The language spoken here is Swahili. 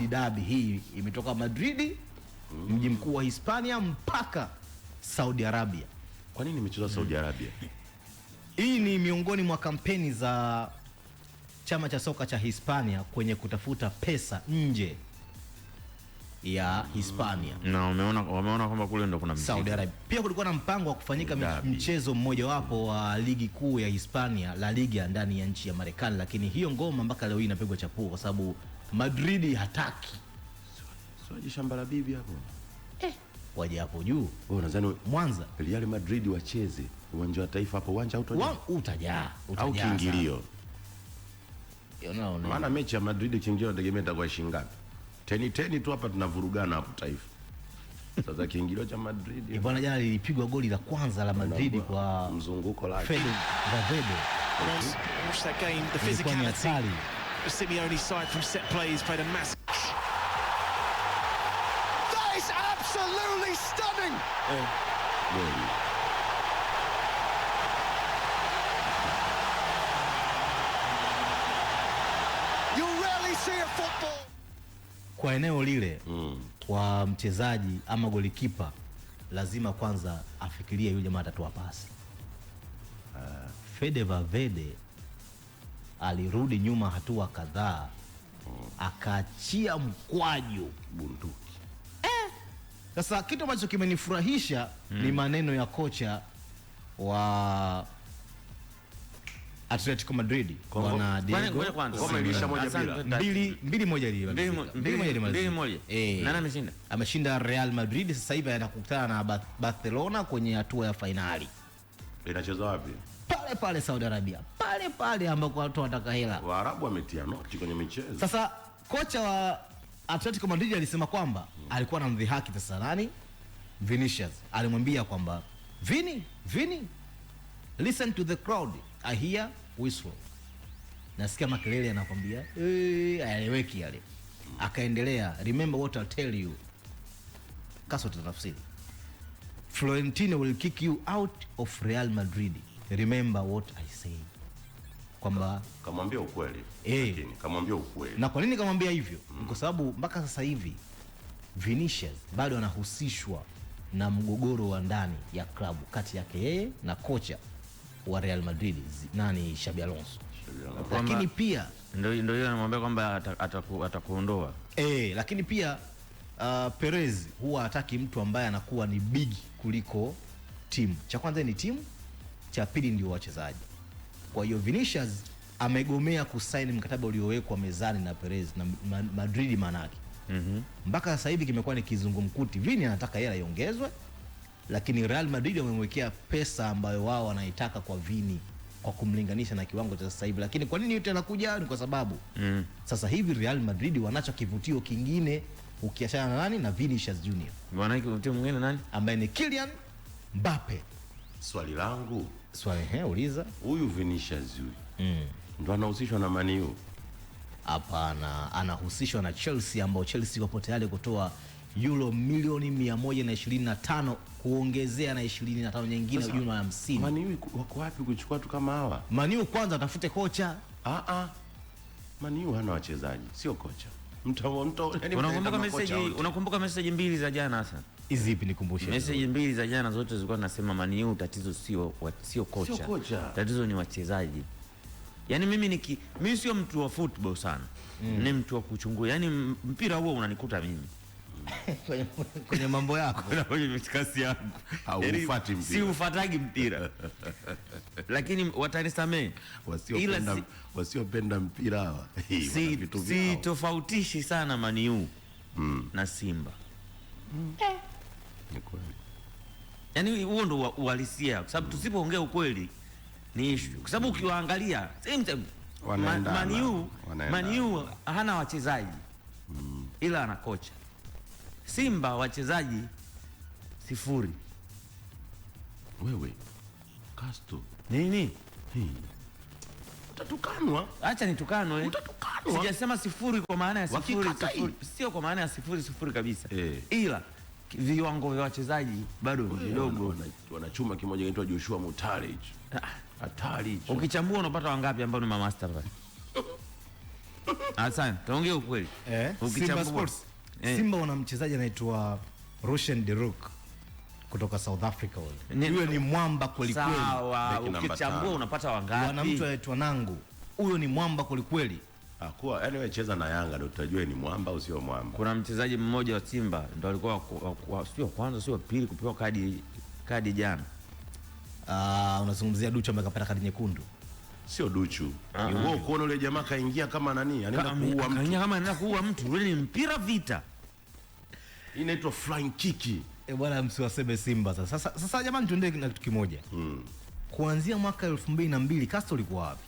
Madrid dabi hii imetoka Madrid mm. mji mkuu wa Hispania mpaka Saudi Arabia. Kwa nini imechezwa Saudi hmm. Arabia? Hii ni miongoni mwa kampeni za chama cha soka cha Hispania kwenye kutafuta pesa nje ya hmm. Hispania. Na umeona wameona kwamba kule ndo kuna Saudi Arabia. Pia kulikuwa na mpango wa kufanyika Dabi. mchezo mmoja wapo wa ligi kuu ya Hispania, La Liga ndani ya nchi ya Marekani, lakini hiyo ngoma mpaka leo hii inapigwa chapuo kwa sababu Madridi hataki swaje shamba la bibi hapo eh, waje hapo juu. Wewe unadhani Mwanza Real Madrid wacheze uwanja wa taifa hapo, uwanja au utajaa utajaa au kiingilio? Maana mechi ya Madrid kiingilio inategemea itakuwa shilingi ngapi? Teni teni tu hapa tunavurugana hapo taifa. Sasa kiingilio cha Madrid Ni eh, bwana, jana lilipigwa goli la kwanza la Madrid kwa mzunguko lake Fede Valverde. Simeone's side from set plays played a massive. That is absolutely stunning. Oh. Yeah. Kwa eneo lile mm. kwa mchezaji ama golikipa lazima kwanza afikirie yule jamaa atatoa pasi. Uh, Fede Valverde alirudi nyuma hatua kadhaa akaachia mkwaju bunduki. Eh, sasa kitu ambacho kimenifurahisha hmm. ni maneno ya kocha wa Atletico Madrid Diego bwana mbili moja lile, eh. ameshinda ameshinda Real Madrid. Sasa hivi anakutana na Barcelona kwenye hatua ya fainali. Inacheza wapi? pale pale Saudi Arabia, pale pale ambako watu wanataka hela. Waarabu wametia noti kwenye michezo. Sasa kocha wa Atletico Madrid alisema kwamba hmm, alikuwa na mdhihaki sasa nani, Vinicius alimwambia kwamba Vini, Vini, listen to the crowd, I hear whistle, nasikia makelele yanakwambia aeleweki yale. Akaendelea, remember what I tell you, kaso tatafsiri Florentino will kick you out of Real Madrid remember what I say kwamba kamwambia ukweli eh, lakini kamwambia ukweli. Na kwa nini kamwambia hivyo? Mm. Kwa sababu mpaka sasa hivi Vinicius bado anahusishwa na mgogoro wa ndani ya klabu kati yake yeye na kocha wa Real Madrid nani, Xabi Alonso, lakini pia ndio yeye anamwambia kwamba atakuondoa eh, lakini pia uh, Perez huwa hataki mtu ambaye anakuwa ni big kuliko timu. Cha kwanza ni timu cha pili ndio wachezaji. Kwa hiyo Vinicius amegomea kusaini mkataba uliowekwa mezani na Perez na Madrid manake. Mm -hmm. Mpaka sasa hivi kimekuwa ni kizungumkuti. Vini anataka hela iongezwe, lakini Real Madrid wamemwekea pesa ambayo wao wanaitaka kwa Vini kwa kumlinganisha na kiwango cha sasa hivi. Lakini kwa nini yote anakuja? Ni kwa sababu mm. sasa hivi Real Madrid wanacho kivutio kingine ukiachana na nani na Vinicius Junior. Maana kivutio mwingine nani? Ambaye ni Kylian Mbappe. Swali langu swali, he, uliza. Huyu Vinicius huyu mm. ndo anahusishwa na Man U? Hapana, anahusishwa na Chelsea ambao Chelsea wapo tayari kutoa euro milioni 125 kuongezea na 25 nyingine jumla ya 50. Man U wako wapi kuchukua tu kama hawa? Man U kwanza atafute kocha. Ah ah. Man U hana wachezaji, sio kocha. Mtamwonto. Unakumbuka message, unakumbuka message mbili za jana sasa? Izipi nikumbushe? meseji mbili za jana zote zilikuwa nasema Man tatizo sio sio kocha. Sio kocha. Tatizo ni wachezaji. Yaani mimi niki mimi sio mtu wa football sana. Mm. Ni mtu wa kuchungua Yaani mpira huo unanikuta mimi. kwenye, kwenye mambo yako na kwenye mitikasi yangu haufuati yaani mpira, si ufatagi mpira lakini watanisamee wasiopenda si, wasiopenda mpira hawa si, si tofautishi sana maniu mm. na Simba mm. eh. Ni kweli. Yaani huo ndo uhalisia kwa sababu tusipoongea ukweli ni issue. Kwa sababu ukiwaangalia same time Maniu Maniu hana wachezaji mm, ila ana kocha. Simba wachezaji sifuri. Wewe Castro. nini? Hii. Utatukanwa. Acha nitukanwe. Utatukanwa. Sijasema sifuri kwa maana ya sifuri, sifuri. Sio kwa maana ya sifuri sifuri kabisa eh, ila viwango vya wachezaji bado ni vidogo, wanachuma kimoja kinaitwa Joshua Mutale hicho ah. hatari hicho. Ukichambua unapata wangapi ambao ni ma master pale? Asante, tuongee ukweli eh. Simba Sports eh, Simba wana mchezaji anaitwa Roshan Deruk kutoka South Africa wale, yule ni mwamba kweli. Sawa, ukichambua unapata wangapi? Wana mtu anaitwa Nangu, huyo ni mwamba kwelikweli. Hakuwa, ah, anyway cheza na Yanga ndio tutajua ni mwamba au sio mwamba. Kuna mchezaji mmoja wa Simba ndio alikuwa sio kwanza sio pili kupewa kadi kadi jana. Uh, unazungumzia Duchu ambaye kapata kadi nyekundu. Sio Duchu. uh ah, -huh. Wewe ukoona yule jamaa kaingia kama nani? Anaenda kuua mtu. Kaingia kama anaenda kuua mtu. Yule ni mpira vita. Inaitwa flying kick. Eh, bwana msiwaseme Simba sasa. Sasa, sasa jamani tuende na kitu kimoja. Mm. Kuanzia mwaka 2002 Castro ulikuwa wapi?